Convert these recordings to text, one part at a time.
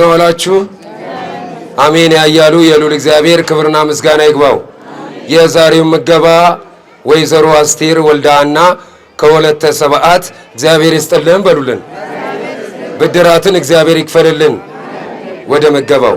ደህና ዋላችሁ። አሜን ያያሉ የሉል እግዚአብሔር ክብርና ምስጋና ይግባው። የዛሬው ምገባ ወይዘሮ አስቴር ወልዳና ከወለተ ሰባአት እግዚአብሔር ይስጥልን በሉልን። ብድራትን እግዚአብሔር ይክፈልልን። ወደ ምገባው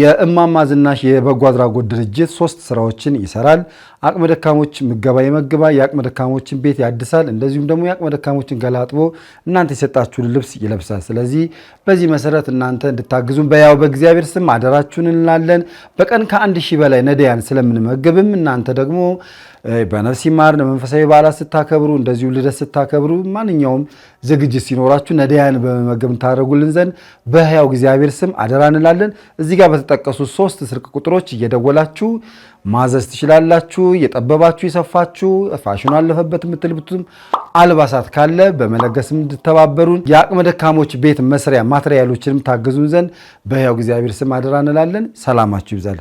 የእማማ ዝናሽ የበጎ አድራጎት ድርጅት ሶስት ስራዎችን ይሰራል። አቅመ ደካሞች ምገባ ይመግባል፣ የአቅመ ደካሞችን ቤት ያድሳል፣ እንደዚሁም ደግሞ የአቅመ ደካሞችን ገላጥቦ እናንተ የሰጣችሁን ልብስ ይለብሳል። ስለዚህ በዚህ መሰረት እናንተ እንድታግዙን በያው በእግዚአብሔር ስም አደራችሁን እንላለን። በቀን ከአንድ ሺህ በላይ ነዳያን ስለምንመገብም እናንተ ደግሞ በነፍስ ይማር መንፈሳዊ በዓላት ስታከብሩ፣ እንደዚሁ ልደት ስታከብሩ፣ ማንኛውም ዝግጅት ሲኖራችሁ ነዳያን በመመገብ ታደረጉልን ዘንድ በህያው እግዚአብሔር ስም አደራ እንላለን እዚህ ጋር በተጠቀሱ ሶስት ስልክ ቁጥሮች እየደወላችሁ ማዘዝ ትችላላችሁ። እየጠበባችሁ የሰፋችሁ ፋሽኑ አለፈበት የምትልብቱም አልባሳት ካለ በመለገስ እንድተባበሩን የአቅመ ደካሞች ቤት መስሪያ ማትሪያሎችንም ታግዙን ዘንድ በሕያው እግዚአብሔር ስም አደራ እንላለን። ሰላማችሁ ይብዛል።